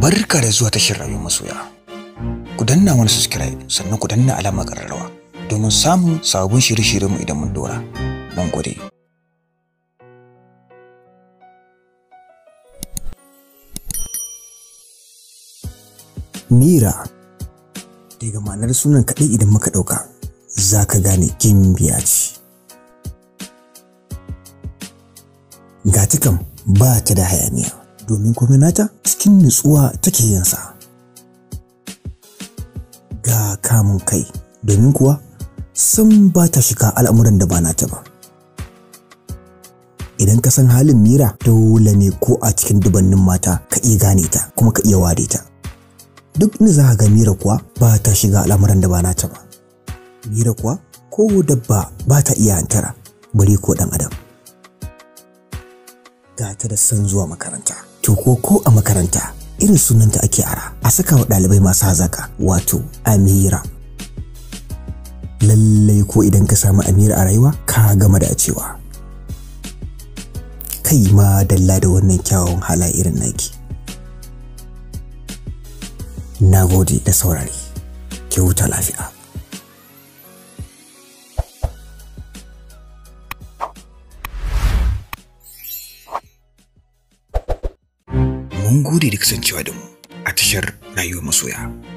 barka da zuwa tashin rayuwar masoya ku danna wani subscribe sannan ku danna alamar ƙararrawa, domin samun sabon shirye-shiryen mu idan mun dora mun gode Mira daga ma'anar sunan kaɗai idan muka ɗauka za ka gane biya ce ga ba ta da hayaniya domin komai nata cikin nutsuwa take yinsa ga kamun kai domin kuwa san ba ta shiga al'amuran da ba nata ba idan ka san halin mira dole ne ko a cikin dubannin mata ka iya gane ta kuma ka iya ware ta duk inda za ga mira kuwa ba ta shiga al'amuran da ba nata ba mira kuwa ko dabba ba ta iya hantara bari ko dan adam ga ta da san zuwa makaranta to ko a makaranta irin sunanta ake ara a saka wa ɗalibai masu hazaka wato amira lallai ko idan ka samu amira a rayuwa ka gama da cewa kai ma dalla da wannan kyawun hala irin naki na gode da saurari ke huta lafiya mun gode da kasancewa da mu a tashar rayuwar masoya.